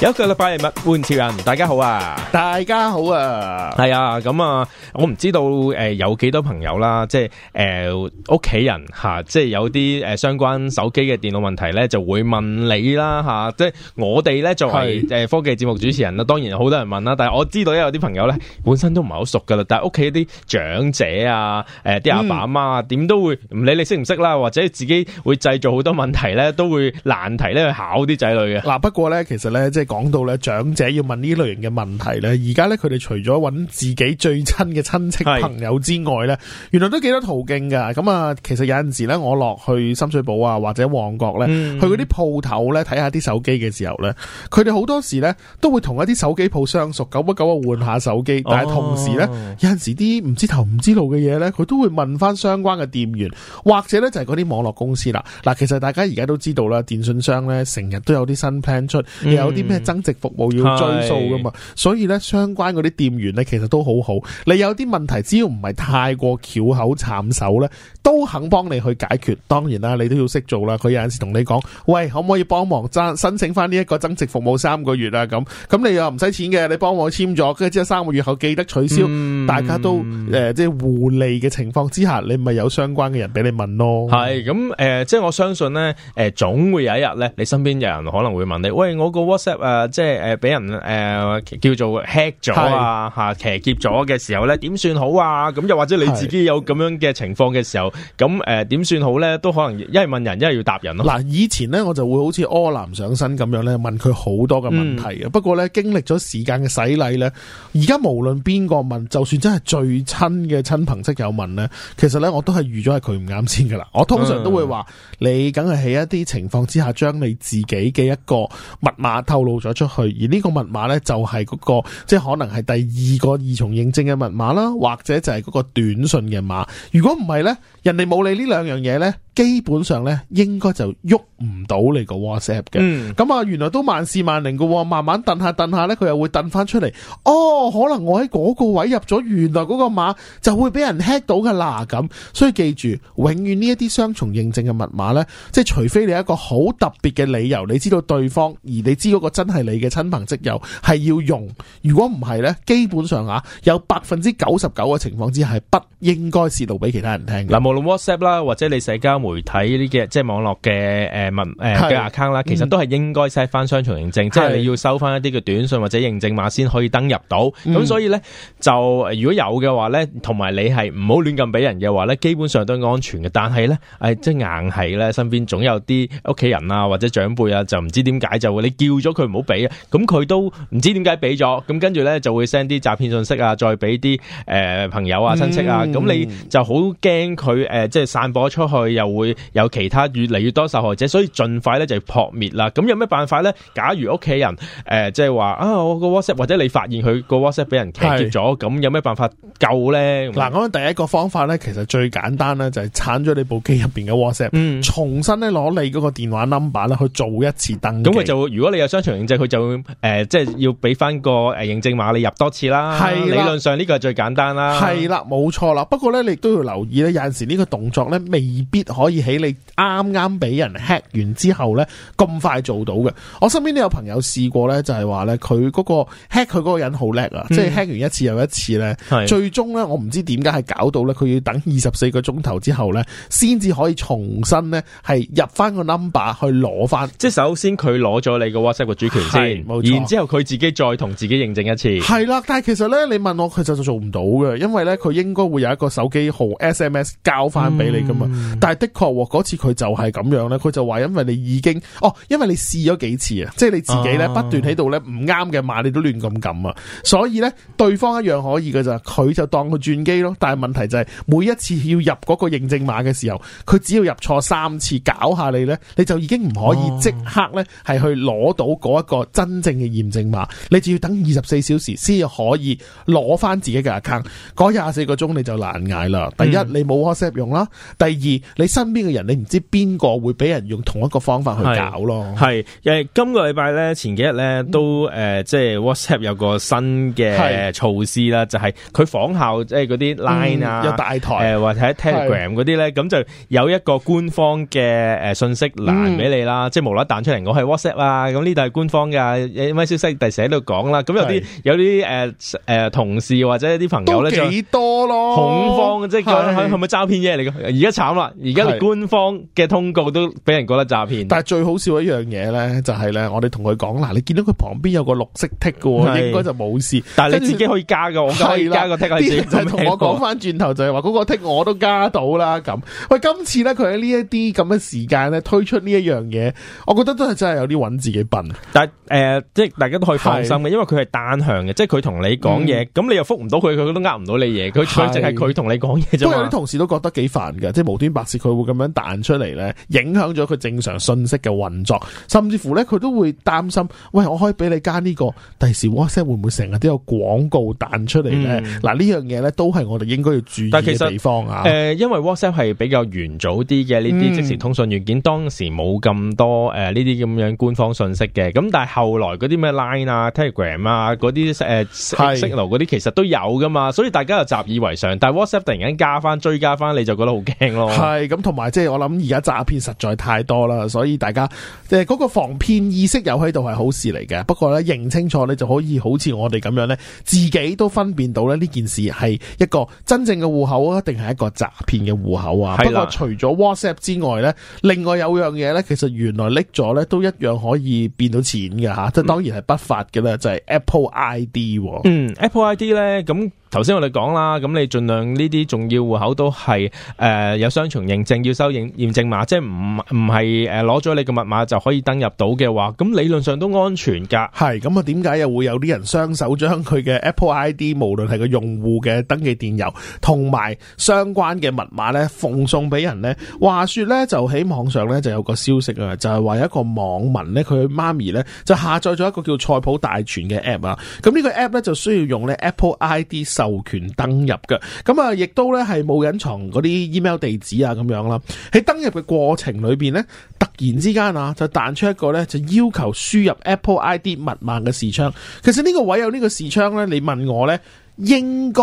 有一個禮拜嚟物玩潮人，大家好啊，大家好啊，係啊，咁啊，我唔知道誒、呃，有幾多朋友啦，即係誒，屋、呃、企人吓、啊，即係有啲誒，相關手機嘅電腦問題咧，就會問你啦吓、啊，即係我哋咧作為誒是、呃、科技節目主持人啦，當然好多人問啦，但係我知道有啲朋友咧，本身都唔係好熟噶啦，但係屋企啲長者啊，誒啲阿爸阿媽啊，點、嗯、都會唔理你識唔識啦，或者自己會製造好多問題咧，都會難題咧去考啲仔女嘅。嗱、啊，不過咧，其實咧，即係。講到咧長者要問呢類型嘅問題咧，而家咧佢哋除咗揾自己最親嘅親戚朋友之外咧，是原來都幾多途徑㗎。咁啊，其實有陣時咧，我落去深水埗啊或者旺角咧，嗯、去嗰啲鋪頭咧睇下啲手機嘅時候咧，佢哋好多時咧都會同一啲手機鋪相熟，久不久啊換下手機。但係同時咧，哦、有陣時啲唔知頭唔知路嘅嘢咧，佢都會問翻相關嘅店員，或者咧就係嗰啲網絡公司啦。嗱，其實大家而家都知道啦，電信商咧成日都有啲新 plan 出，有啲咩？增值服務要追數噶嘛，是所以咧相關嗰啲店員咧其實都好好。你有啲問題，只要唔係太過巧口慘手咧，都肯幫你去解決。當然啦，你都要識做啦。佢有陣時同你講，喂，可唔可以幫忙爭申請翻呢一個增值服務三個月啊？咁咁你又唔使錢嘅，你幫我簽咗，跟住之後三個月後記得取消。嗯、大家都誒、呃，即係互利嘅情況之下，你咪有相關嘅人俾你問咯。係咁誒，即係我相信咧，誒、呃，總會有一日咧，你身邊有人可能會問你，喂，我個 WhatsApp 誒、呃，即係誒，俾人誒叫做 hack 咗啊，吓是騎劫咗嘅時候咧，點算好啊？咁又或者你自己有咁樣嘅情況嘅時候，咁誒點算好咧？都可能一係問人，一係要答人咯。嗱，以前咧我就會好似柯南上身咁樣咧，問佢好多嘅問題嘅。嗯、不過咧，經歷咗時間嘅洗禮咧，而家無論邊個問，就算真係最親嘅親朋戚友問咧，其實咧我都係預咗係佢唔啱先噶啦。我通常都會話，嗯、你梗係喺一啲情況之下，將你自己嘅一個密碼透露。咗出去，而呢個密碼咧就係嗰個，即係可能係第二個二重認證嘅密碼啦，或者就係嗰個短信嘅碼。如果唔係咧，人哋冇你呢兩樣嘢咧。基本上咧，應該就喐唔到你個 WhatsApp 嘅。嗯，咁啊，原來都萬事萬靈嘅喎，慢慢蹬下蹬下咧，佢又會蹬返出嚟。哦，可能我喺嗰位入咗，原來嗰個碼就會俾人 hack 到嘅啦。咁，所以記住，永遠呢一啲雙重認證嘅密碼咧，即係除非你一個好特別嘅理由，你知道對方，而你知道個真係你嘅親朋戚友係要用。如果唔係咧，基本上啊，有百分之九十九嘅情況之下，不應該洩露俾其他人聽。嗱，無論 WhatsApp 啦，或者你社交。媒體呢啲嘅，即係網絡嘅誒文誒嘅 account 啦，其實都係應該 set 翻雙重認證，是的即係你要收翻一啲嘅短信或者認證碼先可以登入到。咁、嗯、所以咧就如果有嘅話咧，同埋你係唔好亂咁俾人嘅話咧，基本上都係安全嘅。但係咧誒，即係硬係咧，身邊總有啲屋企人啊或者長輩啊，就唔知點解就會你叫咗佢唔好俾啊，咁佢都唔知點解俾咗。咁跟住咧就會 send 啲詐騙信息啊，再俾啲誒朋友啊親戚啊，咁、嗯、你就好驚佢誒即係散播出去又，會有其他越嚟越多受害者，所以盡快咧就撲滅啦。咁有咩辦法咧？假如屋企人誒，即係話啊，我個 WhatsApp 或者你發現佢個 WhatsApp 俾人劫咗，咁是有咩辦法救咧？嗱，我第一個方法咧，其實最簡單咧就係鏟咗你部機入邊嘅 WhatsApp，、嗯、重新咧攞你嗰個電話 number 去做一次登記。咁佢就如果你有雙重認證，佢就誒、呃，即係要俾翻個誒認證碼你入多次啦。係理論上呢個係最簡單是啦。係啦，冇錯啦。不過咧，你都要留意咧，有陣時呢個動作咧未必。可以喺你啱啱俾人 hack 完之後咧，咁快做到嘅。我身邊都有朋友試過咧，就係話咧，佢嗰個 hack 佢嗰個人好叻啊，即係 hack 完一次又一次咧。是最終咧，我唔知點解係搞到咧，佢要等二十四個鐘頭之後咧，先至可以重新咧係入翻個 number 去攞翻。即係首先佢攞咗你嘅 WhatsApp 個主權先，冇錯。然之後佢自己再同自己認證一次。係啦，但係其實咧，你問我佢就做唔到嘅，因為咧佢應該會有一個手機號 SMS 交翻俾你噶嘛。嗯、但係。的確喎，嗰次佢就係咁樣咧，佢就話，因為你已經哦，因為你試咗幾次啊，即係你自己咧不斷喺度咧唔啱嘅碼你都亂咁撳，啊，所以咧對方一樣可以嘅就係佢就當佢轉機咯，但係問題就係每一次要入嗰個認證碼嘅時候，佢只要入錯三次搞下你咧，你就已經唔可以即刻咧係去攞到嗰一個真正嘅驗證碼，你就要等二十四小時先可以攞翻自己嘅 account，嗰廿四個鐘你就難挨啦。第一你冇 WhatsApp 用啦，第二你。身邊嘅人你唔知邊個會俾人用同一個方法去搞咯。係，誒今個禮拜咧前幾日咧都誒、呃、即係 WhatsApp 有個新嘅措施啦，是就係佢仿效即係嗰啲 Line 啊、嗯，有大台，誒、呃、或者 Telegram 嗰啲咧，咁是就有一個官方嘅誒信息欄俾你啦，嗯、即係無啦啦彈出嚟，我係 WhatsApp 啊咁呢度係官方嘅，咩消息第時喺度講啦，咁有啲是有啲誒誒同事或者一啲朋友咧就恐慌，是即係係咪詐騙嘢嚟嘅？而家慘啦，而家。是官方嘅通告都俾人覺得詐騙，但係最好笑一樣嘢咧，就係、是、咧，我哋同佢講嗱，你見到佢旁邊有個綠色剔嘅喎，是應該就冇事。但係你自己可以加㗎，的我可以加個剔喺的自己。就同我講翻轉頭就係話嗰個剔我都加到啦咁。喂，今次咧佢喺呢一啲咁嘅時間咧推出呢一樣嘢，我覺得都係真係有啲揾自己笨。但係、呃、即係大家都可以放心嘅，的因為佢係單向嘅，即係佢同你講嘢，咁、嗯、你又復唔到佢，佢都呃唔到你嘢。佢佢淨係佢同你講嘢啫嘛。不過有啲同事都覺得幾煩嘅，即係無端白事佢。會咁樣彈出嚟咧，影響咗佢正常信息嘅運作，甚至乎咧佢都會擔心，喂，我可以俾你加呢、這個，第時 WhatsApp 會唔會成日都有廣告彈出嚟咧？嗱、嗯，呢樣嘢咧都係我哋應該要注意嘅地方，但其實啊。誒、呃，因為 WhatsApp 係比較原早啲嘅呢啲即時通訊軟件，嗯、當時冇咁多誒呢啲咁樣官方信息嘅。咁但係後來嗰啲咩 Line 啊、Telegram 啊、嗰啲誒 Signal 嗰啲，其實都有噶嘛，是所以大家就習以為常。但係 WhatsApp 突然間加翻、追加翻，你就覺得好驚咯。係咁。嗯同埋，即係我諗而家詐騙實在太多啦，所以大家，誒、呃，嗰、那個防騙意識有喺度係好事嚟嘅。不過咧，認清楚你就可以好似我哋咁樣咧，自己都分辨到咧呢件事係一個真正嘅戶口啊，定係一個詐騙嘅戶口啊？係啦。不過除咗 WhatsApp 之外咧，另外有樣嘢咧，其實原來搦咗咧都一樣可以變到錢㗎。吓，即當然係不法嘅啦，就係 Apple ID。嗯，Apple ID 咧咁。頭先我哋講啦，咁你盡量呢啲重要戶口都係誒、呃、有雙重認證，要收認驗證碼，即係唔唔係誒攞咗你嘅密碼就可以登入到嘅話，咁理論上都安全㗎。係咁啊，點解又會有啲人雙手將佢嘅 Apple ID，無論係個用戶嘅登記電郵同埋相關嘅密碼咧，奉送俾人呢？話說呢，就喺網上呢就有個消息啊，就係、是、話一個網民呢，佢媽咪呢，就下載咗一個叫菜譜大全嘅 app 啊，咁呢個 app 呢，就需要用呢 Apple ID。授權登入嘅，咁啊，亦都咧係冇隱藏嗰啲 email 地址啊，咁樣啦。喺登入嘅過程裏面呢，突然之間啊，就彈出一個呢，就要求輸入 Apple ID 密碼嘅視窗。其實呢個位有呢個視窗呢，你問我呢。應該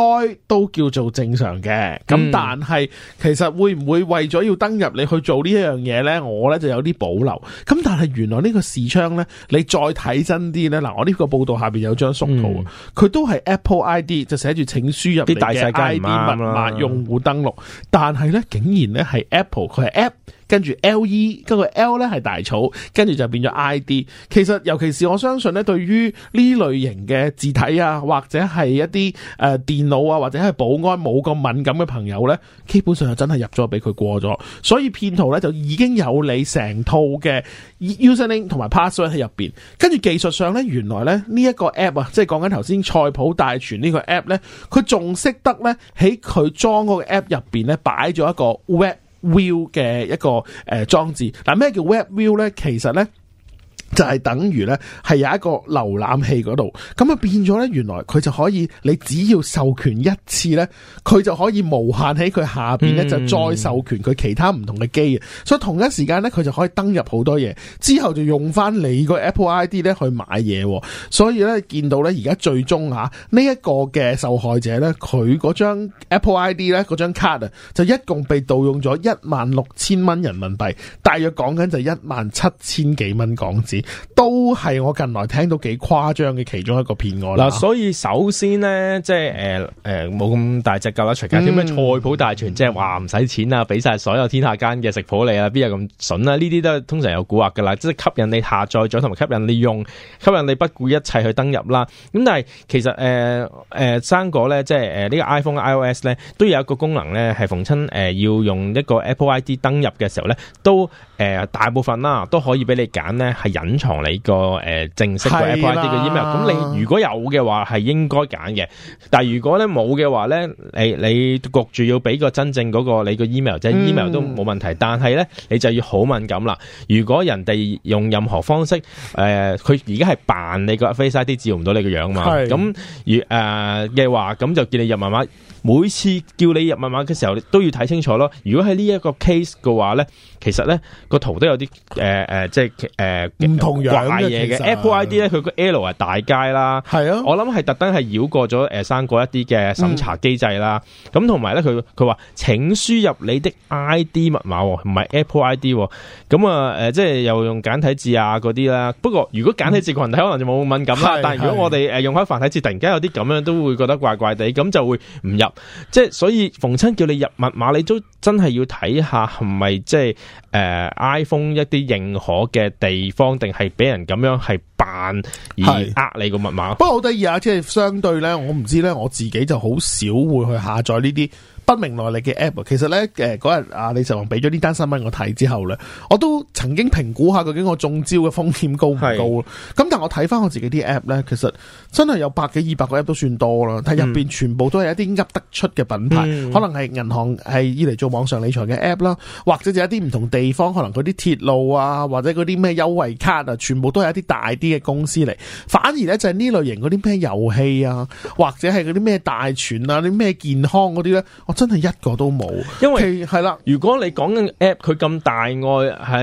都叫做正常嘅，咁、嗯、但係其實會唔會為咗要登入你去做呢一樣嘢呢？我呢就有啲保留。咁但係原來呢個視窗呢，你再睇真啲呢。嗱，我呢個報道下面有張縮圖，佢、嗯、都係 Apple ID 就寫住請輸入啲大嘅 i 啲密碼用戶登錄，但係呢，竟然呢係 Apple，佢係 App。跟住 L E 跟個 L 咧係大草，跟住就變咗 I D。其實尤其是我相信咧，對於呢類型嘅字體啊，或者係一啲誒、呃、電腦啊，或者係保安冇咁敏感嘅朋友呢，基本上就真係入咗俾佢過咗。所以騙徒呢，就已經有你成套嘅 username 同埋 password 喺入邊。跟住技術上呢，原來呢，呢、這、一個 app 啊，即係講緊頭先菜譜大全呢個 app 呢，佢仲識得呢，喺佢裝嗰個 app 入邊呢，擺咗一個 web。View 嘅一個誒裝置，嗱，咩叫 Web View 咧？其實咧。就係等於呢係有一個瀏覽器嗰度，咁啊變咗呢。原來佢就可以，你只要授權一次呢佢就可以無限喺佢下邊呢就再授權佢其他唔同嘅機啊，嗯、所以同一時間呢，佢就可以登入好多嘢，之後就用翻你個 Apple ID 咧去買嘢，所以呢，見到呢而家最終吓呢一個嘅受害者呢，佢嗰張 Apple ID 呢，嗰張卡啊，就一共被盜用咗一萬六千蚊人民幣，大約講緊就一萬七千幾蚊港紙。都係我近來聽到幾誇張嘅其中一個騙案啦。嗱，所以首先咧，即係誒誒，冇、呃、咁大隻噶啦，除架啲咩菜譜大全、嗯、即係話唔使錢啊？俾晒所有天下間嘅食譜你啊？邊有咁笋啊？呢啲都係通常有蠱惑噶啦，即係吸引你下載咗，同埋吸引你用，吸引你不顧一切去登入啦。咁但係其實誒誒、呃呃，生果咧，即係誒、呃這個、呢個 iPhone iOS 咧，都有一個功能咧，係逢親誒要用一個 Apple ID 登入嘅時候咧，都。誒、呃，大部分啦、啊、都可以俾你揀咧，係隱藏你個誒、呃、正式嘅 Apple ID 嘅 email。咁你如果有嘅話，係應該揀嘅。但係如果咧冇嘅話咧，你你焗住要俾個真正嗰個你個 email，即係 email 都冇問題。嗯、但係咧，你就要好敏感啦。如果人哋用任何方式，誒、呃，佢而家係扮你個 face ID 照唔到你個樣嘛。咁如誒嘅話，咁就叫你入埋麥。每次叫你入密碼嘅時候，你都要睇清楚咯。如果喺呢一個 case 嘅話咧，其實咧個圖都有啲誒誒，即係誒唔同樣嘅嘢嘅。實 Apple ID 咧，佢個 L 係大楷啦，係咯。我諗係特登係繞過咗誒生過一啲嘅審查機制啦。咁同埋咧，佢佢話請輸入你的 ID 密碼，唔係 Apple ID，哦。咁啊，呃，即係又用簡體字啊嗰啲啦。不過如果簡體字羣體可能就冇敏感啦。嗯，但係如果我哋用開繁體字，突然間有啲咁樣都會覺得怪怪地，咁就會唔入。即係所以，逢親叫你入密碼，你都真係要睇下係咪即係誒 iPhone 一啲認可嘅地方，定係俾人咁樣係扮而呃你個密碼。不過好得意啊，即係相對咧，我唔知咧，我自己就好少會去下載呢啲。不明來歷嘅 app，其實咧，誒嗰日阿李成王俾咗呢單新聞我睇之後咧，我都曾經評估下究竟我中招嘅風險高唔高？咁是但係我睇翻我自己啲 app 咧，其實真係有百幾、二百個 app 都算多啦。嗯、但入邊全部都係一啲噏得出嘅品牌，嗯、可能係銀行，係依嚟做網上理財嘅 app 啦，或者就一啲唔同地方，可能嗰啲鐵路啊，或者嗰啲咩優惠卡啊，全部都係一啲大啲嘅公司嚟。反而咧就係、是、呢類型嗰啲咩遊戲啊，或者係嗰啲咩大全啊，啲咩健康嗰啲咧。真係一個都冇，因為係啦。如果你講緊 app，佢咁大愛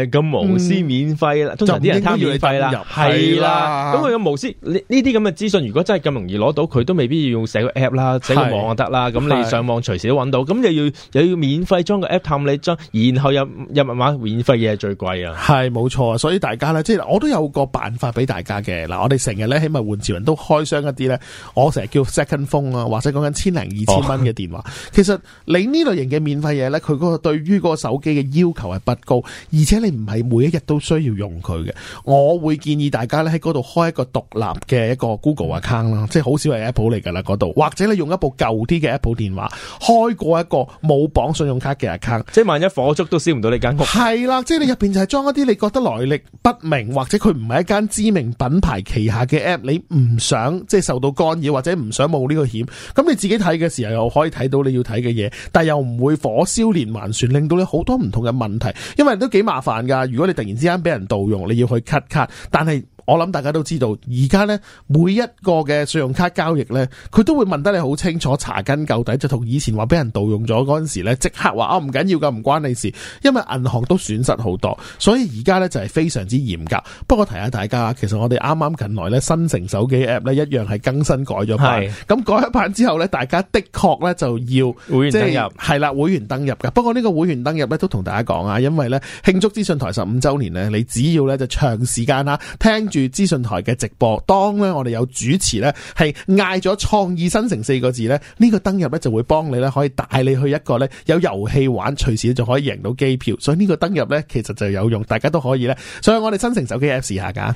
係咁無私免費啦，通常啲人貪免費啦，係啦。咁佢咁無私呢啲咁嘅資訊，如果真係咁容易攞到，佢都未必要用寫個 app 啦，寫個網就得啦。咁你上網隨時都揾到，咁又要又要免費裝個 app 探你裝，然後又又咪買免費嘢係最貴啊！係冇錯，所以大家咧，即係我都有個辦法俾大家嘅嗱。我哋成日咧，起碼換潮人都開箱一啲咧。我成日叫 second phone 啊，或者講緊千零二千蚊嘅電話，其你呢類型嘅免費嘢呢，佢嗰個對於個手機嘅要求係不高，而且你唔係每一日都需要用佢嘅。我會建議大家呢，喺嗰度開一個獨立嘅一個 Google account 啦，即係好少係 Apple 嚟噶啦嗰度，或者你用一部舊啲嘅 Apple 電話開過一個冇綁信用卡嘅 account，即係萬一火燭都燒唔到你間屋。係啦，即係你入邊就係裝一啲你覺得來歷不明或者佢唔係一間知名品牌旗下嘅 app，你唔想即係受到干擾或者唔想冒呢個險，咁你自己睇嘅時候又可以睇到你要睇嘅。嘢，但係又唔會火燒連環船，令到你好多唔同嘅問題，因為人都幾麻煩㗎。如果你突然之間俾人盜用，你要去 cut 卡，但係我諗大家都知道，而家呢，每一個嘅信用卡交易呢，佢都會問得你好清楚，查根究底，就同以前話俾人盜用咗嗰陣時呢，即刻話啊，唔緊要噶，唔關你事，因為銀行都損失好多，所以而家呢就係非常之嚴格。不過提下大家，其實我哋啱啱近來呢新城手機 app 呢一樣係更新改咗版，咁是改一版之後呢，大家的確呢就要會員登入係啦，會員登入噶。不過呢個會員登入呢，都同大家講啊，因為呢慶祝資訊台十五週年呢，你只要呢就長時間啦聽。住資訊臺嘅直播，當咧我哋有主持呢，係嗌咗創意新城四個字呢，呢、這個登入呢就會幫你呢，可以帶你去一個呢有遊戲玩，隨時就可以贏到機票，所以呢個登入呢其實就有用，大家都可以呢。所以我哋新城手機 A P P 試下噶。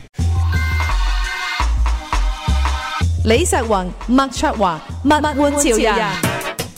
李石雲、麥卓華、物玩潮人。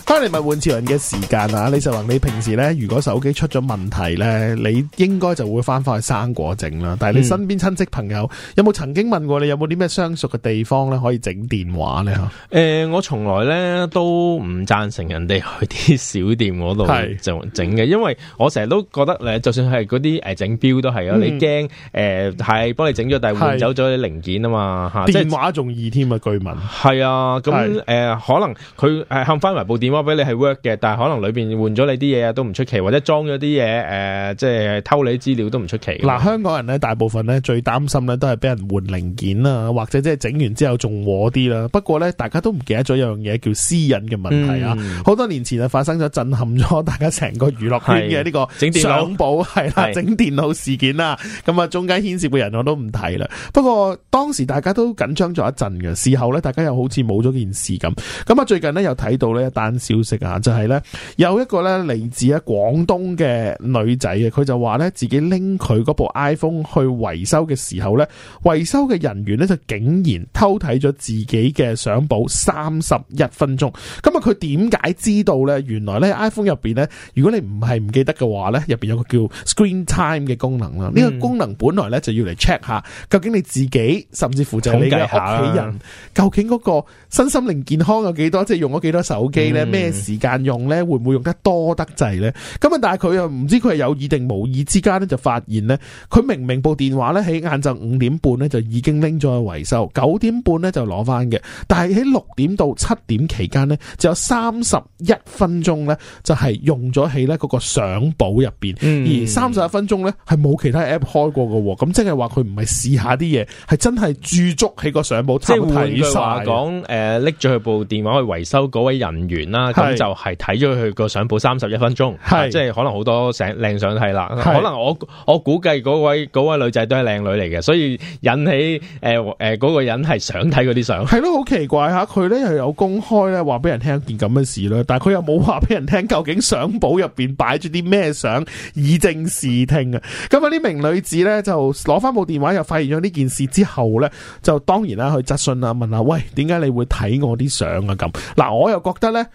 翻嚟咪換潮人嘅時間啦！你就話你平時咧，如果手機出咗問題咧，你應該就會翻翻去生果整啦。但係你身邊親戚朋友有冇曾經問過你有冇啲咩相熟嘅地方咧可以整電話咧？誒、嗯呃，我從來咧都唔讚成人哋去啲小店嗰度就整嘅，是因為我成日都覺得誒，就算係嗰啲誒整表都係啊，你驚誒係幫你整咗，但換走咗零件啊嘛電話仲易添啊！居民係啊，咁誒是、呃、可能佢誒冚翻埋部電話。我俾你係 work 嘅，但係可能裏邊換咗你啲嘢啊，都唔出奇，或者裝咗啲嘢，誒、呃，即係偷你資料都唔出奇。嗱，香港人咧，大部分咧最擔心咧都係俾人換零件啊，或者即係整完之後仲和啲啦。不過咧，大家都唔記得咗一樣嘢叫私隱嘅問題啊。好、嗯、多年前啊，發生咗震撼咗大家成個娛樂圈嘅呢個整電腦係啦，整電腦事件啦。咁啊，中間牽涉嘅人我都唔提啦。不過當時大家都緊張咗一陣嘅，事後咧大家又好似冇咗件事咁。咁啊，最近呢，又睇到咧一單。消息啊，就係咧有一個咧嚟自啊廣東嘅女仔嘅，佢就話咧自己拎佢部 iPhone 去維修嘅時候咧，維修嘅人員咧就竟然偷睇咗自己嘅相簿三十一分鐘，咁啊，佢點解知道咧？原來咧 iPhone 入邊咧，如果你唔係唔記得嘅話咧，入邊有個叫 Screen Time 嘅功能啦。呢、嗯、個功能本來咧就要嚟 check 下，究竟你自己甚至乎就你嘅屋企人，究竟嗰個身心靈健康有幾多，即係用咗幾多手機咧？嗯咩時間用呢？會唔會用得多得滯？呢？咁啊，但係佢又唔知佢係有意定無意之間咧，就發現呢，佢明明部電話咧喺晏晝五點半咧就已經拎咗去維修，九點半咧就攞翻嘅。但係喺六點到七點期間呢，就有三十一分鐘呢，就係用咗喺呢嗰個相簿入邊，嗯、而三十一分鐘呢，係冇其他 app 開過嘅。咁即係話佢唔係試下啲嘢，係真係駐足喺個相簿。即係換句話講，誒、呃，拎咗去部電話去維修嗰位人員啦。咁就係睇咗佢個相簿三十一分鐘，係即係可能好多靚靚相睇啦。是可能我我估計嗰位嗰位女仔都係靚女嚟嘅，所以引起誒誒嗰個人係想睇嗰啲相。係咯，好奇怪吓，佢咧又有公開咧話俾人聽一件咁嘅事啦，但係佢又冇話俾人聽究竟相簿入邊擺住啲咩相以正視聽啊。咁啊，呢名女子咧就攞翻部電話又發現咗呢件事之後咧，就當然啦去質詢啊，問下喂，點解你會睇我啲相啊？咁嗱，我又覺得咧。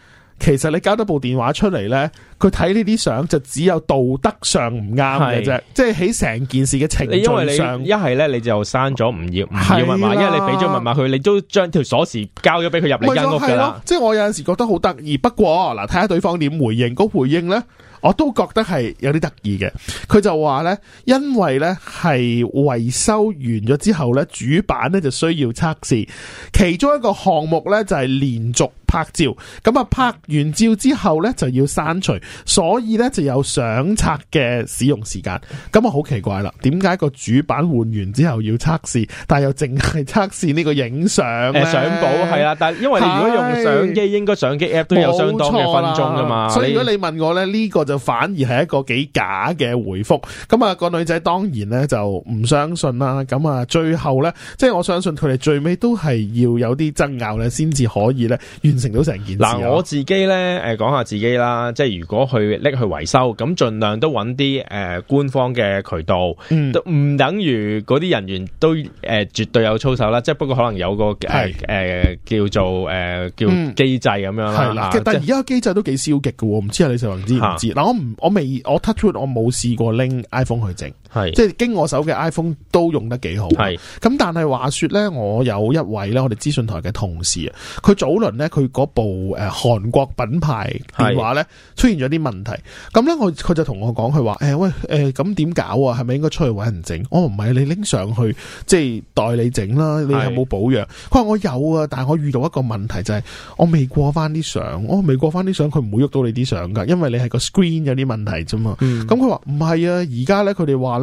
其實你交咗部電話出嚟呢，佢睇呢啲相就只有道德上唔啱嘅啫，的即係喺成件事嘅程序上，一係呢，你就刪咗唔要唔要密碼，因為你俾咗密碼佢，你都將條鎖匙交咗俾佢入你間屋。即係我有陣時覺得好得意，不過嗱，睇下對方點回應，嗰回應呢，我都覺得係有啲得意嘅。佢就話呢，因為呢係維修完咗之後呢，主板呢就需要測試，其中一個項目呢，就係連續。拍照，咁啊拍完照之後咧就要刪除，所以咧就有相冊嘅使用時間，咁啊好奇怪啦，點解個主板換完之後要測試，但係又淨係測試呢個影相、呃、相誒相簿，係啊，但係因為你如果用相機，的應該相機 A P P 都有相當嘅分鐘噶嘛，所以如果你問我咧呢你個就反而係一個幾假嘅回覆，咁、那、啊，個女仔當然咧就唔相信啦，咁啊最後咧即係我相信佢哋最尾都係要有啲爭拗咧先至可以咧完。成到成件事嗱、啊啊，我自己咧，誒、呃，講下自己啦。即係如果去拎去維修，咁盡量都揾啲誒官方嘅渠道，嗯、都唔等於嗰啲人員都誒、呃、絕對有操守啦。即係不過可能有個誒、呃是呃、叫做誒、呃、叫機制咁樣啦。係、嗯、啦，啊、但係而家個機制都幾消極喎。唔知係李世宏知唔知？嗱、啊，我唔我未我 touch wood，我冇試過拎 iPhone 去整。係，是即係經我手嘅 iPhone 都用得幾好。係是，咁但係話說咧，我有一位咧，我哋資訊台嘅同事啊，佢早輪咧，佢嗰部誒韓國品牌電話咧，出現咗啲問題。咁咧，我佢就同我講，佢話誒喂，誒咁點搞啊？係咪應該出去搵人整？我唔係，你拎上去即係代理整啦。你有冇保養？佢話是我有啊，但係我遇到一個問題就係、是、我未過翻啲相，我、哦、未過翻啲相，佢唔會喐到你啲相噶，因爲你係個 screen 有啲問題啫嘛。咁佢話唔係啊，而家咧佢哋話。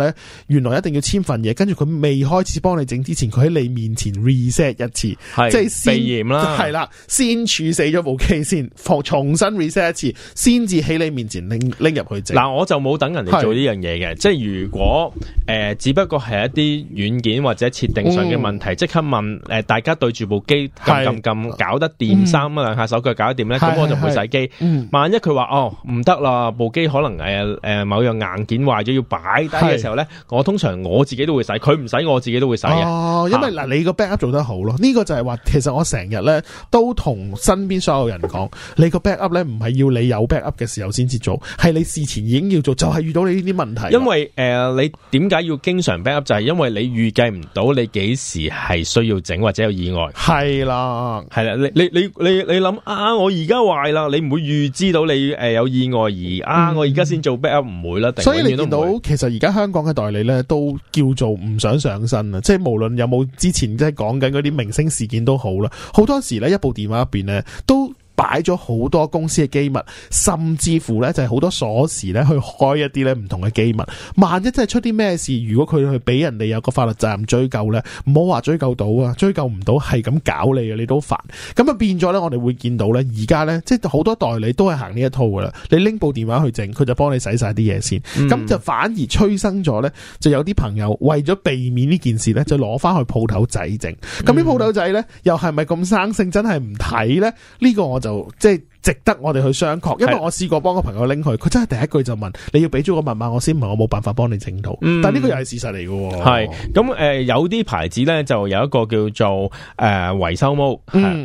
原來一定要簽份嘢，跟住佢未開始幫你整之前，佢喺你面前 reset 一次，即係是先係啦炎，先處死咗部機先，重重新 reset 一次，先至喺你面前拎拎入去整。嗱，我就冇等人哋做呢樣嘢嘅，是 即係如果誒、呃、只不過係一啲軟件或者設定上嘅問題，即、嗯、刻問誒、呃、大家對住部機撳撳撳，搞得掂、嗯、三兩下手腳搞得掂咧，咁是我就唔洗機。是是是萬一佢話哦唔得啦，部機可能誒誒某樣硬件壞咗，要擺低嘅時候。是是咧，我通常我自己都會使，佢唔使我自己都會使嘅。哦，因為嗱，你個 backup 做得好咯，呢個就係話其實我成日咧都同身邊所有人講，你個 backup 咧唔係要你有 backup 嘅時候先至做，係你事前已經要做，就係遇到你呢啲問題。因為誒，你點解要經常 backup？就係因為你預計唔到你幾時係需要整或者有意外。係啦，係啦，你你你你你諗啊，我而家壞啦，你唔會預知到你誒有意外而啊，我而家先做 backup 唔會啦，定永遠都唔會。所以你見到其實而家香港嘅代理咧都叫做唔想上身啊，即係無論有冇之前即係講緊嗰啲明星事件都好啦，好多時咧一部電話入邊咧都，擺咗好多公司嘅機密，甚至乎呢，就係好多鎖匙呢去開一啲呢唔同嘅機密。萬一真係出啲咩事，如果佢去俾人哋有個法律責任追究呢，唔好話追究到啊，追究唔到係咁搞你啊，你都煩。咁啊變咗呢，我哋會見到呢，而家呢，即係好多代理都係行呢一套噶啦。你拎部電話去整，佢就幫你洗晒啲嘢先，咁、嗯、就反而催生咗呢，就有啲朋友為咗避免呢件事呢，就攞翻去鋪頭仔整。咁啲鋪頭仔呢，又係咪咁生性？真係唔睇呢，呢、呢個我就。即係。Oh, 值得我哋去商榷，因為我試過幫個朋友拎佢，佢是真係第一句就問你要俾咗個密碼，我先問我冇辦法幫你整到。嗯、但呢個又係事實嚟嘅。係、哦、咁，誒、呃、有啲牌子咧就有一個叫做誒維、呃、修 mode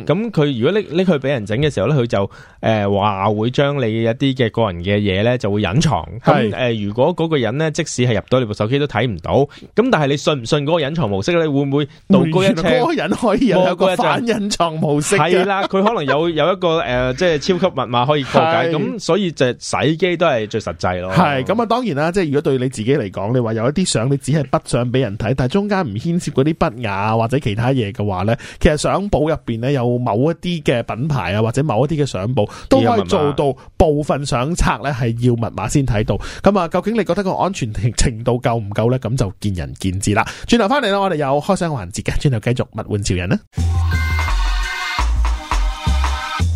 咁佢如果拎拎去俾人整嘅時候咧，佢就誒話、呃、會將你一啲嘅個人嘅嘢咧就會隱藏。咁誒是、呃、如果嗰個人咧即使係入到你部手機都睇唔到，咁但係你信唔信嗰個隱藏模式咧會唔會到一個人可以有個反隱藏模式？係啦，佢可能有有一個誒即係。 超級密碼可以破解，咁是所以就洗機都係最實際咯。係咁啊，當然啦，即係如果對你自己嚟講，你話有一啲相，你只係不想俾人睇，但係中間唔牽涉嗰啲不雅或者其他嘢嘅話呢，其實相簿入邊呢，有某一啲嘅品牌啊，或者某一啲嘅相簿都可以做到部分相冊呢係要密碼先睇到。咁啊，究竟你覺得個安全程度夠唔夠呢？咁就見仁見智啦。轉頭翻嚟啦，我哋有開箱環節嘅，轉頭繼續物玩潮人啦。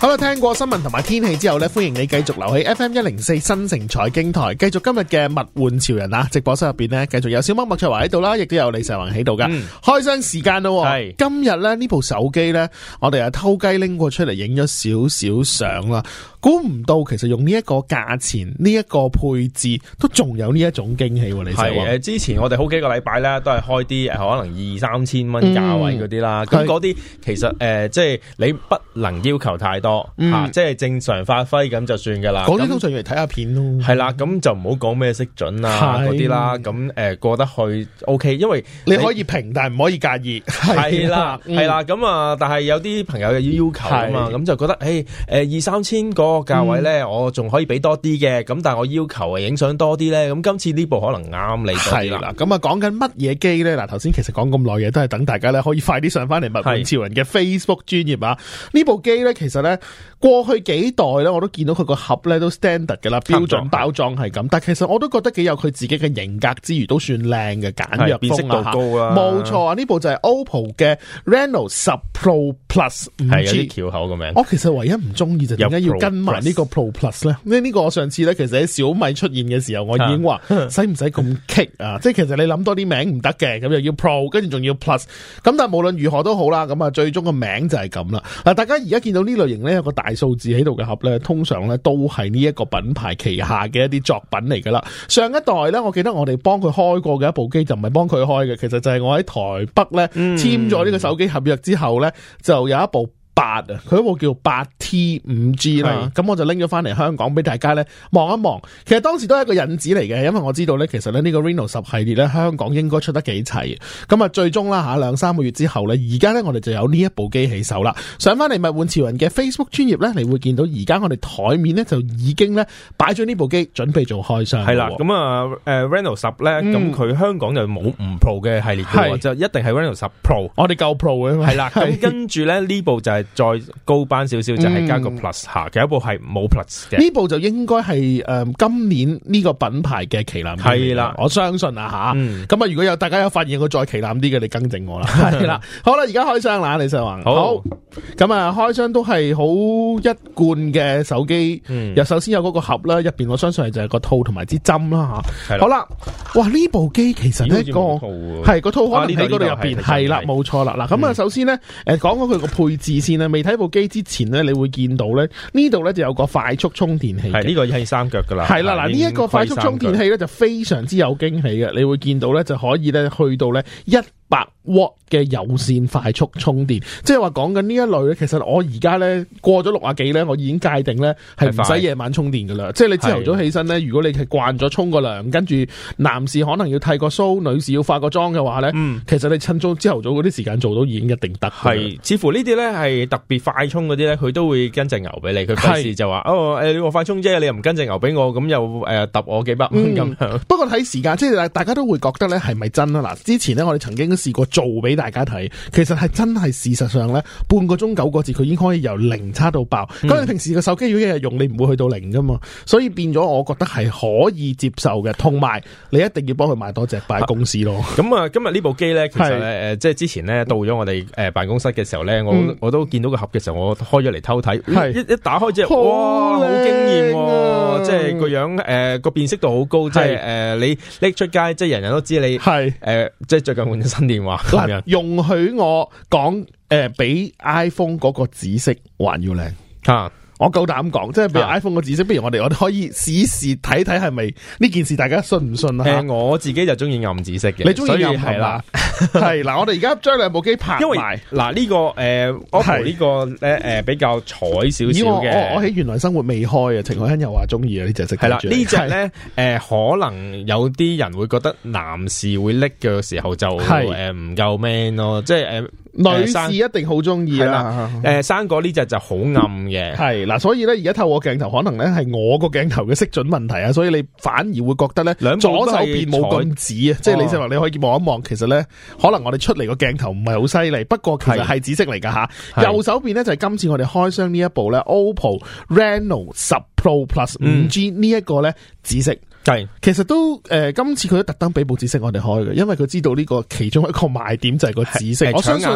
好啦，聽過新聞同埋天氣之後呢，歡迎你繼續留喺 FM 一零四新城財經台，繼續今日嘅物玩潮人啊！直播室入邊呢，繼續有小貓麥卓華喺度啦，亦都有李世宏喺度噶。嗯、開箱時間咯！是今日呢，呢部手機呢，我哋啊偷雞拎過出嚟影咗少少相啦，估唔到其實用呢一個價錢，呢、這、一個配置都仲有呢一種驚喜。李世宏。係之前我哋好幾個禮拜呢，都係開啲可能二三千蚊價位嗰啲啦，咁嗰啲其實誒，即係是、呃就是、你不能要求太。多即係正常發揮咁就算嘅啦。啲通常要嚟睇下片咯。係啦，咁就唔好講咩色準啊嗰啲啦。咁誒過得去 OK，因為你可以平，但係唔可以介意。係啦，係啦。咁啊，但係有啲朋友嘅要求啊嘛，咁就覺得誒二三千個價位咧，我仲可以俾多啲嘅。咁但係我要求係影相多啲咧。咁今次呢部可能啱你。係啦。咁啊，講緊乜嘢機咧？嗱，頭先其實講咁耐嘢，都係等大家咧可以快啲上翻嚟物玩潮人嘅 Facebook 專業啊。呢部機咧，其實咧。過去幾代咧，我都見到佢個盒咧都 standard 㗎啦，標準包裝係咁。但其實我都覺得幾有佢自己嘅型格之餘，都算靚嘅簡約風度啊。冇錯啊，呢部就係 OPPO 嘅 Reno 十 Pro Plus，係有啲拗口咁樣。我其實唯一唔中意，就點解要跟埋呢個 Pro Plus 咧？因為呢個我上次咧，其實喺小米出現嘅時候，我已經話使唔使咁激啊？即係其實你諗多啲名唔得嘅，咁又要 Pro，跟住仲要 Plus。咁但係無論如何都好啦，咁啊最終個名就係咁啦。嗱，大家而家見到呢類型。呢一個大數字喺度嘅盒咧，通常咧都係呢一個品牌旗下嘅一啲作品嚟噶啦。上一代咧，我記得我哋幫佢開過嘅一部機就唔係幫佢開嘅，其實就係我喺台北咧簽咗呢、嗯、個手機合約之後咧，就有一部。八啊，佢一部叫八 T 五 G 啦，咁、嗯、我就拎咗翻嚟香港俾大家咧望一望。其實當時都係一個引子嚟嘅，因為我知道咧，其實咧呢個 Reno 十系列咧香港應該出得幾齊。咁啊，最終啦吓兩三個月之後咧，而家咧我哋就有呢一部機起手啦。上翻嚟物玩潮人嘅 Facebook 專頁咧，你會見到而家我哋台面咧就已經咧擺咗呢部機，準備做開箱。係啦，咁啊，誒、uh, uh, Reno 十咧，咁佢、嗯、香港就冇唔 Pro 嘅系列嘅，就一定係 Reno 十 Pro, 我 Pro。我哋夠 Pro 嘅。係啦，咁跟住咧呢部就係、是。再高班少少就係加個 plus 吓，其實一部係冇 plus 嘅。呢部就應該係誒，今年呢個品牌嘅旗艦。係啦，我相信啊吓。咁啊，如果有大家有發現佢再旗艦啲嘅，你更正我啦。係啦，好啦，而家開箱啦，李世宏。好，咁啊，開箱都係好一貫嘅手機。又首先有嗰個盒啦，入邊我相信係就係個套同埋支針啦吓。好啦，哇，呢部機其實一個係個套可能喺嗰度入邊。係啦，冇錯啦。嗱，咁啊，首先咧誒，講講佢個配置先。未睇部機之前呢，你會見到呢呢度呢就有個快速充電器，係呢、呢個係三腳噶啦。係啦了，嗱呢一個快速充電器呢就非常之有驚喜嘅，你會見到呢就可以呢去到呢一百瓦嘅有線快速充電，即係話講緊呢一類咧。其實我而家咧過咗六啊幾咧，我已經界定咧係唔使夜晚充電噶啦。是是即係你朝頭早起身咧，是如果你係慣咗沖個涼，跟住男士可能要剃個鬚，女士要化個妝嘅話咧，嗯、其實你趁早朝頭早嗰啲時間做到已經一定得。係，似乎呢啲咧係特別快充嗰啲咧，佢都會跟隻牛俾你。佢有時就話是哦，誒你話快充啫，你又唔跟隻牛俾我，咁又誒揼、呃、我幾百蚊。嗯、樣不過睇時間，即係大大家都會覺得咧係咪真啊？嗱，之前咧我哋曾經。試過做俾大家睇，其實係真係事實上咧，半個鐘九個字佢已經可以由零差到爆。咁你、嗯、平時個手機如果一日用，你唔會去到零噶嘛，所以變咗我覺得係可以接受嘅。同埋你一定要幫佢買多隻擺喺公司咯。咁啊，今日呢部機咧，其實咧，誒是，即係、呃、之前咧到咗我哋誒辦公室嘅時候咧，我、嗯、我都見到個盒嘅時候，我開咗嚟，偷睇，一是、呃、一打開之後，啊、哇，好驚艷，啊、即係個樣，誒、呃，個辨識度好高，是即係誒、呃，你拎出街，即係人人都知你係，誒是、呃，即係最近換咗新。電話，容許我講，比 iPhone 嗰個紫色還要靚啊。我夠膽講，即係譬如 iPhone 嘅紫色，啊、不如我哋我哋可以試試睇睇係咪呢件事，大家信唔信啊、呃？我自己就中意暗紫色嘅，你中意暗係啦，係嗱， 我哋而家將兩部機拍埋嗱，呢個誒，我係呢個誒誒是、呃、比較彩少少嘅。我喺原來生活未開啊，程海欣又話中意啊呢隻色。係啦，這隻呢隻咧誒，可能有啲人會覺得男士會拎嘅時候就誒唔夠 man 咯，即係誒。呃女士一定好中意啦，誒、嗯，嗯嗯嗯、生果呢隻就好暗嘅，係嗱，所以咧而家透過鏡頭可能咧係我個鏡頭嘅色準問題啊，所以你反而會覺得咧，左手邊冇咁紫啊，哦、即係李生話你可以望一望，其實咧可能我哋出嚟個鏡頭唔係好犀利，不過其實係紫色嚟噶吓，右手邊咧就係今次我哋開箱呢一部咧，OPPO Reno 十 Pro Plus 五 G 呢一、嗯、個咧紫色。是其實都誒、呃，今次佢都特登俾部紫色我哋開嘅，因為佢知道呢個其中一個賣點就係個紫色。我相信，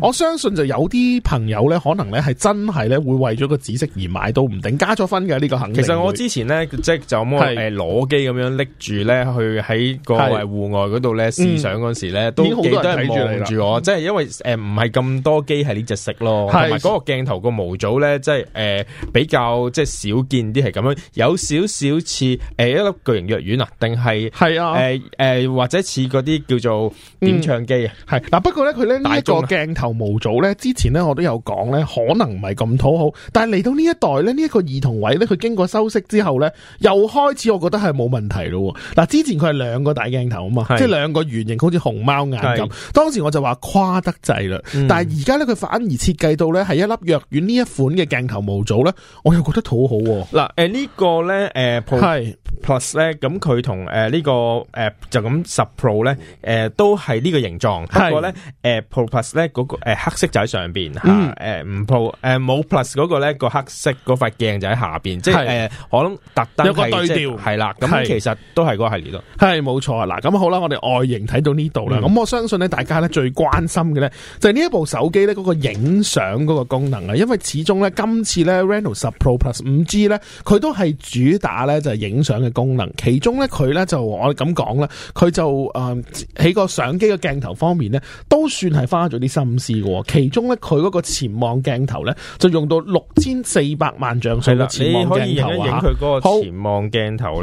我相信就有啲朋友咧，可能咧係真係咧會為咗個紫色而買到唔定加咗分嘅呢個肯定。這個，定其實我之前咧即他就咁誒攞機咁樣拎住咧，是呃、去喺個戶外嗰度咧試相嗰時咧，嗯、都幾多人望住我，即係、嗯、因為誒唔係咁多機係呢隻色咯，同埋嗰個鏡頭個模組咧，即係誒比較即係少見啲係咁樣，有少少似誒一巨型藥丸啊？定係係啊、呃呃？或者似嗰啲叫做點唱機啊？嗱、嗯，不過咧，佢咧呢一個鏡頭模組咧，之前咧我都有講咧，可能唔係咁討好。但係嚟到呢一代咧，呢一個兒童位咧，佢經過修飾之後咧，又開始我覺得係冇問題咯。嗱，之前佢係兩個大鏡頭啊嘛，是即係兩個圓形，好似熊貓眼咁。是當時我就話誇得滯啦。嗯、但係而家咧，佢反而設計到咧係一粒藥丸呢一款嘅鏡頭模組咧，我又覺得討好。嗱誒、啊這個、呢個咧誒 Plus。呃 Pro 咧咁佢同誒呢個誒就咁十 Pro 咧、呃、誒都係呢個形狀，的不過咧誒 Pro Plus 咧、那個誒、呃、黑色就喺上邊，誒唔、嗯呃、Pro 誒冇 Plus 嗰個咧個黑色嗰塊鏡就喺下邊，的即係誒、呃、可能特登有個對調，即係係啦，咁其實都係個系列咯，係冇錯。嗱咁好啦，我哋外形睇到呢度啦，咁、嗯、我相信咧大家咧最關心嘅咧就係呢一部手機咧嗰個影相嗰個功能啊，因為始終咧今次咧 Reno 十 Pro Plus 五 G 咧佢都係主打咧就係影相嘅功能。其中咧，佢咧，就我咁講啦，佢就誒喺個相機嘅鏡頭方面咧，都算係花咗啲心思嘅。其中咧，佢嗰個潛望鏡頭咧，就用到六千四百萬像素啦，你可以影一影佢個潛望鏡頭啊！個潛望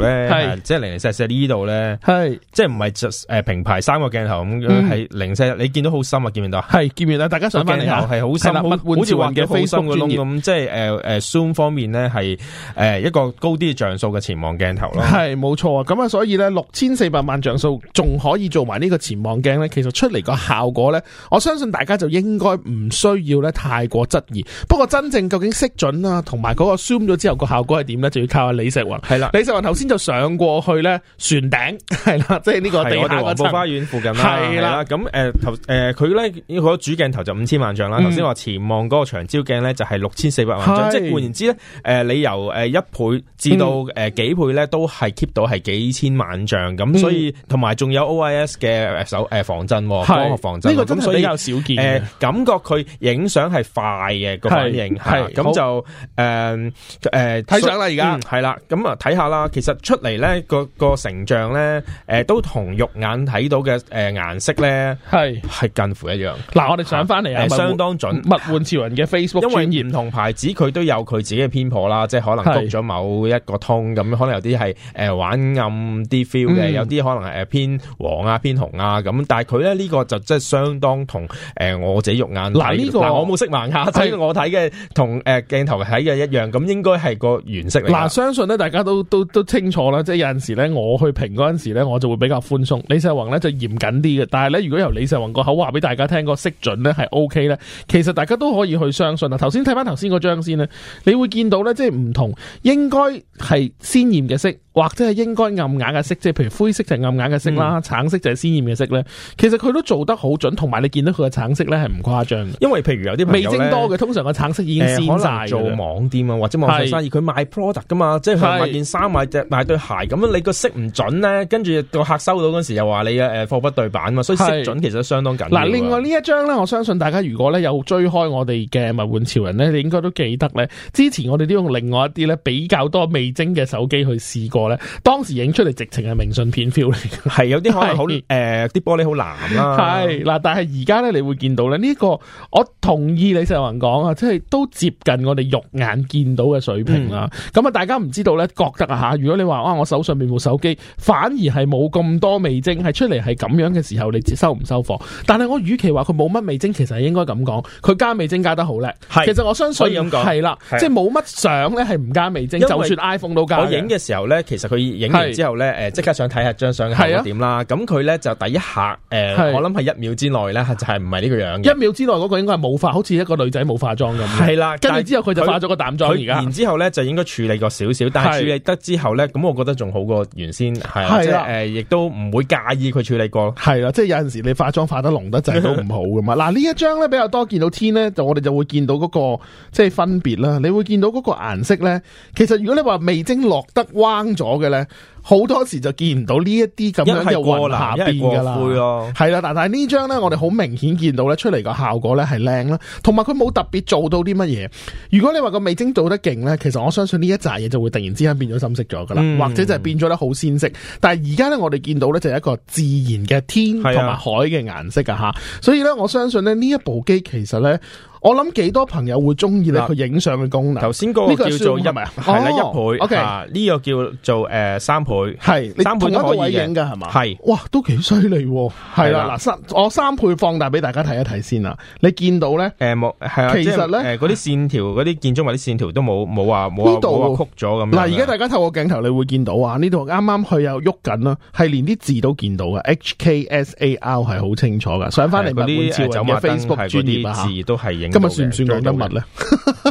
鏡頭咧，即係零零四四呢度咧，係即係唔係誒平排三個鏡頭咁，係零散。射射你見到好深啊，見唔見到啊？係，見唔到大家上鏡頭係好深，好似幻嘅飛衝專業咁，即係誒誒 zoom 方面咧，係誒一個高啲像素嘅潛望鏡頭咯，冇錯啊，咁啊，所以咧六千四百萬像素仲可以做埋呢個潛望鏡咧，其實出嚟個效果咧，我相信大家就應該唔需要咧太過質疑。不過真正究竟色準啊，同埋嗰個 zoom 咗之後個效果係點咧，就要靠阿李石雲。係啦的，李石雲頭先就上過去咧，船頂，係啦，即係呢個黃埔花園附近啦。係啦的，咁誒頭誒佢咧，佢、呃呃、主鏡頭就五千萬像啦。頭先話潛望嗰個長焦鏡咧就係六千四百萬像，即係換言之咧，誒、呃、你由誒一倍至到誒幾倍咧都係。keep 到係幾千萬像咁，所以同埋仲有 OIS 嘅手誒防震光學防震，呢個咁所以比較少見誒，感覺佢影相係快嘅，個反應係咁就誒誒睇相啦而家，係啦，咁啊睇下啦。其實出嚟咧個個成像咧誒，都同肉眼睇到嘅，誒顏色咧係係近乎一樣。嗱，我哋上翻嚟相當準，物換潮人嘅 Facebook，因為唔同牌子佢都有佢自己嘅偏頗啦，即係可能用咗某一個通咁，可能有啲係誒，玩暗啲 feel 嘅，嗯、有啲可能係誒偏黃啊，偏紅啊咁。但係佢咧呢、這個就即係相當同誒我自己肉眼嗱，呢、啊這個我冇識盲下，所以我睇嘅同誒鏡頭睇嘅一樣，咁應該係個原色嚟。嗱、啊，相信咧大家都都都清楚啦，即係有陣時咧我去評嗰陣時咧，我就會比較寬鬆。李世宏咧就嚴謹啲嘅，但係咧如果由李世宏個口話俾大家聽個色準咧係 O K 咧，其實大家都可以去相信。嗱，頭先睇翻頭先個張先咧，你會見到咧即係唔同，應該係鮮艷嘅色即係應該暗啞嘅色，即係譬如灰色就係暗啞嘅色啦，嗯、橙色就係鮮艷嘅色咧。其實佢都做得好準，同埋你見到佢嘅橙色咧係唔誇張嘅。因為譬如有啲味精多嘅，通常個橙色已經鮮晒、欸、做網店啊，或者網上生意，佢賣是 product 噶嘛，即係賣件衫是、買隻、買買對鞋咁樣你，你個色唔準咧，跟住個客收到嗰時又話你誒貨不對板嘛，所以色準其實相當緊。嗱，另外一張呢一張咧，我相信大家如果咧有追開我哋嘅物玩潮人咧，你應該都記得咧，之前我哋都用另外一啲咧比較多味精嘅手機去試過咧。當時影出嚟直情係明信片 feel 嚟，係有啲可能好，誒是，啲、呃、玻璃好藍啦、啊。係嗱，但係而家咧，你會見到咧呢、這個，我同意李世宏講啊，即係都接近我哋肉眼見到嘅水平啦。咁啊、嗯，大家唔知道咧，覺得啊吓，如果你話、啊、我手上面部手機反而係冇咁多味精，係出嚟係咁樣嘅時候，你收唔收貨？但係我與其話佢冇乜味精，其實應該咁講，佢加味精加得好叻。是其實我相信係啦，即係冇乜相咧，係唔加味精，就算 iPhone 都加。我影嘅時候咧，其實。佢影完之後咧，即刻想睇下張相係點啦。咁佢咧就第一下誒，呃、是我諗係一，就是、一秒之內咧，就係唔係呢個樣嘅。一秒之內嗰個應該係冇化，好似一個女仔冇化妝咁。係啦、啊，跟住之後佢就化咗個淡妝而家。然之後咧就應該處理過少少，但係處理得之後咧，咁、啊、我覺得仲好過原先係，即係亦都唔會介意佢處理過。係啦、啊，即係有陣時你化妝化得濃得滯都唔好㗎嘛。嗱呢 一張咧比較多見到天咧，就我哋就會見到嗰、嗰個即係分別啦。你會見到嗰個顏色咧，其實如果你話味精落得彎咗。回來。好多時就見唔到呢一啲咁樣嘅雲下邊噶啦，係啦，但係呢張咧，我哋好明顯見到咧，出嚟個效果咧係靚啦，同埋佢冇特別做到啲乜嘢。如果你話個味精做得勁咧，其實我相信呢一紮嘢就會突然之間變咗深色咗噶啦，嗯、或者就係變咗得好鮮色。但係而家咧，我哋見到咧就係一個自然嘅天同埋海嘅顏色㗎。吓的。所以咧，我相信咧呢一部機其實咧，我諗幾多朋友會中意咧佢影相嘅功能。頭先嗰個叫做一係啦一倍、哦、，OK，呢、啊這個叫做誒、呃、三倍三倍都可以嘅，係嘛？係，是是哇，都幾犀利，係的啦。嗱，三我三倍放大俾大家睇一睇先啦。你見到咧，誒、欸，冇係啊，其實咧，誒、呃，嗰啲線條，嗰啲建築物啲線條都冇冇話冇度冇話曲咗咁。嗱，而家大家透過鏡頭，你會見到啊，呢度啱啱去又喐緊啦，係連啲字都見到嘅，H K S A R 係好清楚噶。上翻嚟嗰啲一 Facebook 專頁字都係影今日算唔算講得密咧。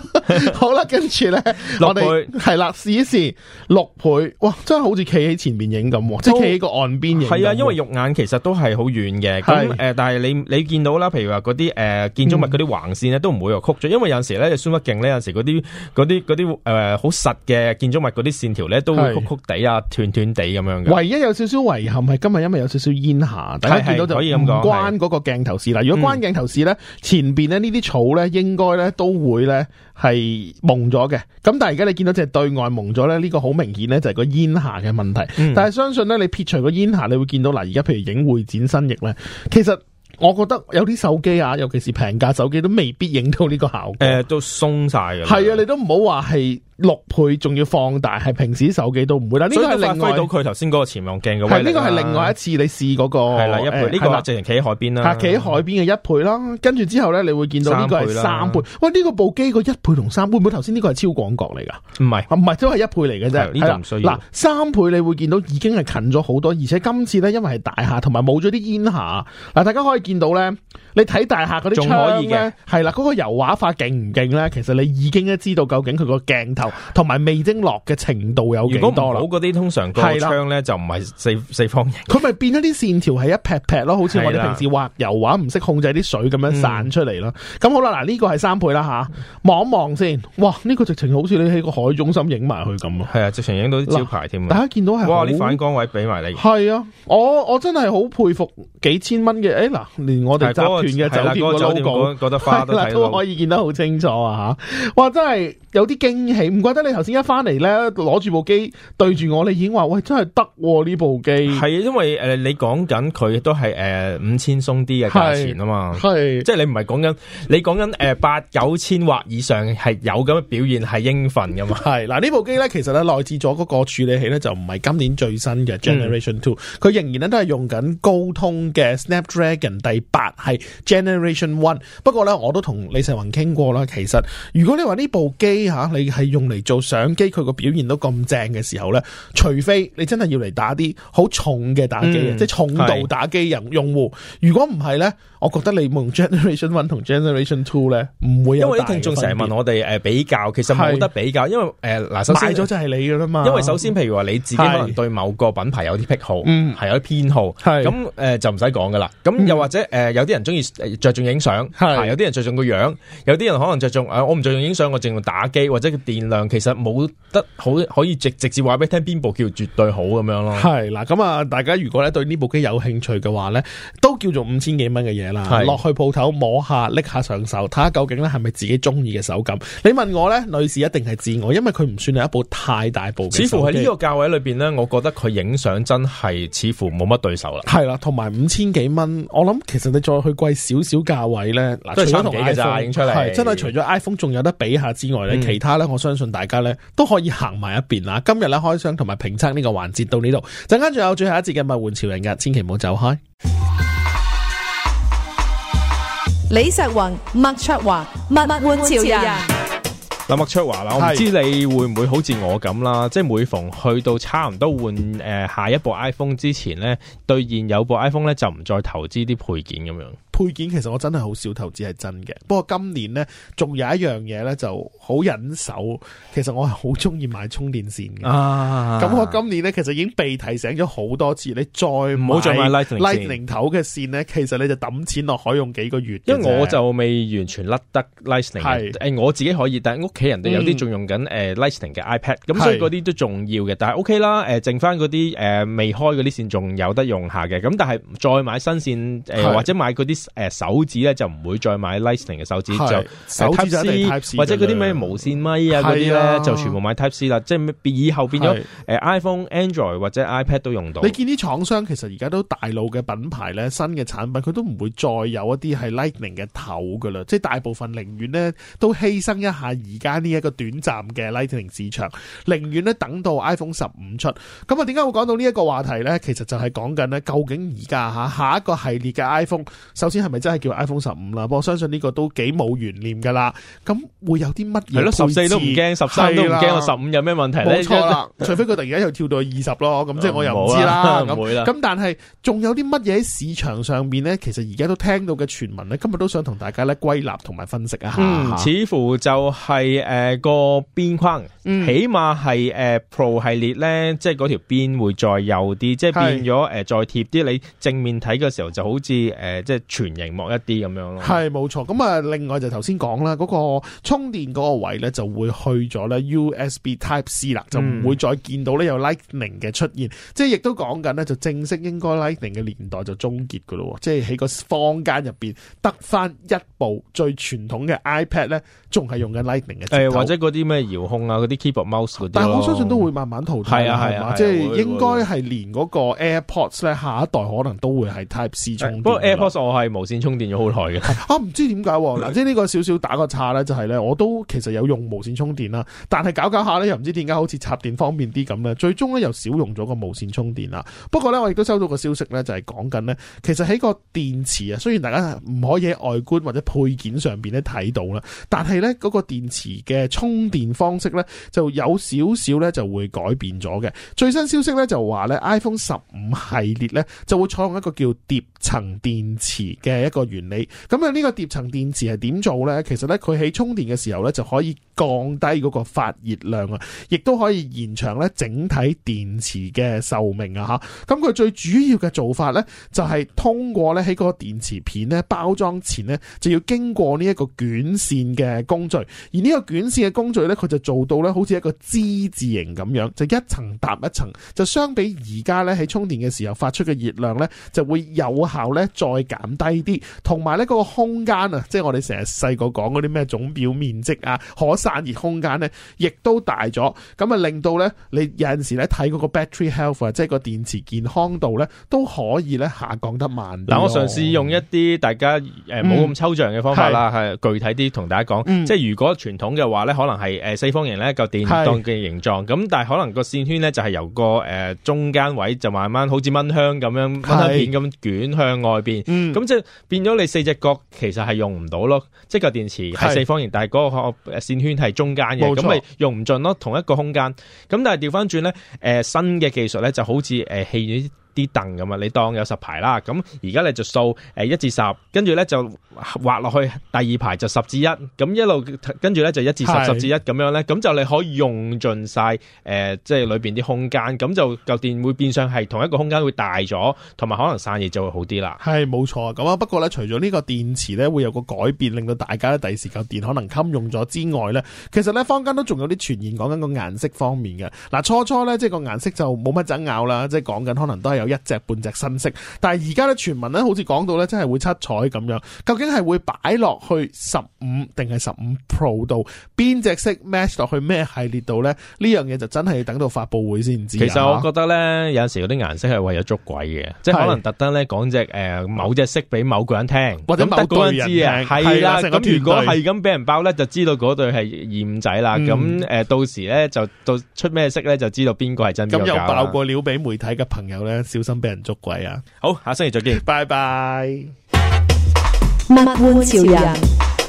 好啦，跟住咧，攞倍係啦，試一試六倍，哇，真係好似企喺前面影咁，都即係企喺個岸邊影。係啊，因為肉眼其實都係好遠嘅，誒是、呃，但係你你見到啦，譬如話嗰啲誒建築物嗰啲橫線咧，都唔會話曲咗，因為有陣時咧，你鬆屈勁咧，有陣時嗰啲啲啲誒好實嘅建築物嗰啲線條咧，都會曲曲地啊，斷斷地咁樣嘅。唯一有少少遺憾係今日，因為有少少煙霞，是是大家見到就是是可以咁講，關嗰個鏡頭事啦。如果關鏡頭事咧，嗯、前邊咧呢啲草咧，應該咧都會咧係。係蒙咗嘅，咁但係而家你見到只對外蒙咗咧，呢、呢個好明顯咧就係個煙霞嘅問題。嗯、但係相信咧，你撇除個煙霞，你會見到嗱，而家譬如影會展新翼咧，其實我覺得有啲手機啊，尤其是平價手機都未必影到呢個效果。誒、呃，都鬆晒嘅，係啊，你都唔好話係。六倍仲要放大，係平時手機都唔會啦。呢、這個係另外到佢頭先嗰個潛望鏡嘅、啊。係呢、這個係另外一次你試嗰、那個。係啦，一倍。呢、哎、個正係企喺海邊啦、啊。係企喺海邊嘅一倍啦，跟住、嗯、之後咧，你會見到呢個係三倍。喂呢、哎這個部機個一倍同三倍，會唔會頭先呢個係超廣角嚟噶？唔係是，唔係，都係一倍嚟嘅啫。呢、這個唔需要。嗱，三倍你會見到已經係近咗好多，而且今次咧，因為係大廈，同埋冇咗啲煙霞。嗱，大家可以見到咧，你睇大廈嗰啲窗咧，係啦，嗰個油畫化勁唔勁咧？其實你已經咧知道究竟佢個鏡頭。同埋味精落嘅程度有幾多啦？嗰啲通常個窗咧的就唔係四四方形，佢咪變咗啲線條係一劈劈咯，好似我哋平時畫油畫唔識控制啲水咁樣、嗯、散出嚟咯。咁好啦，嗱、這、呢個係三倍啦吓，望一望先。哇，呢、這個直情好似你喺個海中心影埋去咁咯。係啊，直情影到啲招牌添。大家見到係哇，你反光位俾埋你。係啊，我我真係好佩服幾千蚊嘅。誒、哎、嗱，連我哋集團嘅酒店嘅老總覺得花都可以見得好清楚啊！吓，哇真係～有啲驚喜，唔怪得你頭先一翻嚟咧，攞住部機對住我，你已經話，喂，真係得呢部機。係啊，因為誒、呃、你講緊佢都係誒、呃、五千鬆啲嘅價錢啊嘛，係的，即係你唔係講緊你講緊誒八九千或以上係有咁嘅表現係應份噶嘛。係，嗱呢部機咧，其實咧內置咗嗰個處理器咧就唔係今年最新嘅 Generation Two，佢、嗯、仍然咧都係用緊高通嘅 Snapdragon 第八係 Generation One。不過咧我都同李世宏傾過啦，其實如果你話呢部機，下、啊、你係用嚟做相機，佢個表現都咁正嘅時候咧，除非你真係要嚟打啲好重嘅打機、嗯、即係重度打機人用戶。是如果唔係咧，我覺得你用 Generation One 同 Generation Two 咧，唔會有因為啲聽眾成日問我哋誒比較，其實冇得比較，是因為誒嗱，呃、首先買咗就係你噶啦嘛。因為首先，譬如話你自己可能對某個品牌有啲癖好，係是是有啲偏好，係咁誒就唔使講噶啦。咁又或者誒、呃，有啲人中意着重影相，係有啲人着重個樣，有啲人，人可能着重誒，我唔着重影相，我淨係打機或者嘅電量其實冇得好，可以直直接話俾你聽邊部叫絕對好咁樣咯。係啦，咁啊，大家如果呢對呢部機有興趣嘅話呢，都叫做五千幾蚊嘅嘢啦。落是去鋪頭摸下，拎下上手，睇下究竟呢係咪自己中意嘅手感。你問我呢，女士一定係自我，因為佢唔算係一部太大部機。似乎喺呢個價位裏邊呢，我覺得佢影相真係似乎冇乜對手是啦。係啦，同埋五千幾蚊，我諗其實你再去貴少少價位呢，啊、除咗 iPhone, 都係差唔多影出嚟真係除咗 iPhone 仲有得比下之外呢。嗯其他咧，我相信大家咧都可以行埋一邊啦。今日咧開箱同埋評測呢個環節到呢度，陣間仲有最後一節嘅物玩潮人噶，千祈唔好走開。李石云、麥卓華、物玩潮人。咁阿卓華啦，我唔知你會唔會好似我咁啦，是即係每逢去到差唔多換誒下一部 iPhone 之前咧，對現有部 iPhone 咧就唔再投資啲配件咁樣。配件其實我真係好少投資係真嘅，不過今年咧仲有一樣嘢咧就好忍手，其實我係好中意買充電線嘅啊。咁我今年咧其實已經被提醒咗好多次，你再唔好再買 lightning 頭嘅線咧，其實你就抌錢落海用幾個月。因為我就未完全甩得 lightning 是我自己可以，但係屋。人哋有啲仲用緊誒 Lightning 嘅 iPad，咁，嗯、所以啲都重要嘅。是但係 OK 啦，誒剩翻啲誒未開啲線仲有得用下嘅。咁但係再買新線誒是、呃、或者買啲誒手指咧，就唔會再買 Lightning 嘅手指，是就，就 Type C 或者啲咩無線咪啊啲咧，就全部買 Type C 啦。即係以後變咗誒 iPhone 是、Android 或者 iPad 都用到。你見啲廠商其實而家都大路嘅品牌咧，新嘅產品佢都唔會再有一啲係 Lightning 嘅頭噶啦，即、就、係、是、大部分寧願咧都犧牲一下而家。喺呢一個短暫嘅 Lightning 市場，寧願咧等到 iPhone 十五出。咁啊，點解會講到呢一個話題呢？其實就係講緊究竟而家吓下一個系列嘅 iPhone，首先係咪真係叫 iPhone 十五啦？我相信呢個都幾冇懸念噶啦。咁會有啲乜嘢？係咯，十四都唔驚，十三都唔驚，十五有咩問題？冇錯啦，除非佢突然間又跳到二十咯。咁即係我又唔知啦，咁但係仲有啲乜嘢喺市場上面呢？其實而家都聽到嘅傳聞呢，今日都想同大家咧歸納同埋分析一下。嗯，似乎就係。誒，個邊、呃、框、嗯、起碼係誒 Pro 系列咧，即係嗰條邊會再幼啲，是即係變咗誒、呃、再貼啲。你正面睇嘅時候就好似誒、呃、即係全螢幕一啲咁樣咯。係冇錯。咁啊，另外就頭先講啦，嗰、那個充電嗰個位咧就會去咗咧 USB Type C 啦、嗯，就唔會再見到咧有 Lightning 嘅出現。即係亦都講緊咧，就正式應該 Lightning 嘅年代就終結噶咯。即係喺個坊間入邊得翻一部最傳統嘅 iPad 咧，仲係用緊 Lightning。誒，或者嗰啲咩遙控啊，嗰啲 keyboard mouse 嗰啲，但係我相信都會慢慢淘汰。係啊係啊，即係應該係連嗰個 AirPods 咧，下一代可能都會係 Type C 充電、啊。不過 AirPods 我係無線充電咗好耐嘅。我唔知點解、啊？嗱， 即係呢個少少打個岔咧，就係咧，我都其實有用無線充電啦，但係搞搞下咧，又唔知點解好似插電方便啲咁咧。最終咧又少用咗個無線充電啦。不過咧，我亦都收到個消息咧，就係、是、講緊咧，其實喺個電池啊，雖然大家唔可以喺外觀或者配件上邊咧睇到啦，但係咧嗰個電池。嘅充電方式咧，就有少少咧就會改變咗嘅。最新消息咧就話咧 iPhone 十五系列咧就會採用一個叫疊層電池嘅一個原理。咁啊呢個疊層電池係點做咧？其實咧佢喺充電嘅時候咧就可以降低嗰個發熱量啊，亦都可以延長咧整體電池嘅壽命啊！吓，咁佢最主要嘅做法咧就係通過咧喺嗰個電池片咧包裝前咧就要經過呢一個捲線嘅工序，而呢個。捲線嘅工序咧，佢就做到咧，好似一個之字形咁樣，就一層搭一層，就相比而家咧喺充電嘅時候發出嘅熱量咧，就會有效咧再減低啲，同埋咧嗰個空間啊，即係我哋成日細個講嗰啲咩總表面積啊，可散熱空間咧，亦都大咗，咁啊令到咧你有陣時咧睇嗰個 battery health 啊，即係個電池健康度咧，都可以咧下降得慢、哦。嗱，我嘗試用一啲大家誒冇咁抽象嘅方法啦，係、嗯、具體啲同大家講，嗯、即係如果傳統。嘅話咧，可能係誒四方形咧，個電當嘅形狀，咁但係可能個線圈咧就係由個誒中間位就慢慢好似蚊香咁樣蚊香片咁捲向外邊，咁即係變咗你四隻角其實係用唔到咯，嗯、即係個電池係四方形，是但係嗰個線圈係中間嘅，咁咪錯用唔盡咯，同一個空間。咁但係調翻轉咧，誒新嘅技術咧就好似誒氣啲凳咁啊，你當有十排啦。咁而家你就數，誒一至十，跟住咧就滑落去第二排就十至一，咁一路跟住咧就一至十，十至一咁樣咧，咁就你可以用盡晒，誒、呃、即係裏邊啲空間，咁就舊電會變相係同一個空間會大咗，同埋可能散熱就會好啲啦。係，冇錯。咁啊，不過咧除咗呢個電池咧會有個改變，令到大家第時舊電可能襟用咗之外咧，其實咧坊間都仲有啲傳言講緊個顏色方面嘅。嗱、啊，初初咧即係個顏色就冇乜爭拗啦，即係講緊可能都係。有一隻半隻新色，但係而家咧傳聞咧，好似講到咧，真係會七彩咁樣。究竟係會擺落去十五定係十五 Pro 度，邊隻色 match 落去咩系列度咧？呢樣嘢就真係要等到發布會先知。其實我覺得咧，有時嗰啲顏色係為咗捉鬼嘅，是即係可能特登咧講隻誒某隻色俾某個人聽，或者某個人那那個人知啊。係啦，咁如果係咁俾人爆咧，就知道嗰隊係二五仔啦。咁、嗯呃、到時咧就到出咩色咧，就知道邊個係真。咁又爆過料俾媒體嘅朋友咧。小心俾人捉鬼啊！好，下星期再見，拜拜 。物玩潮人。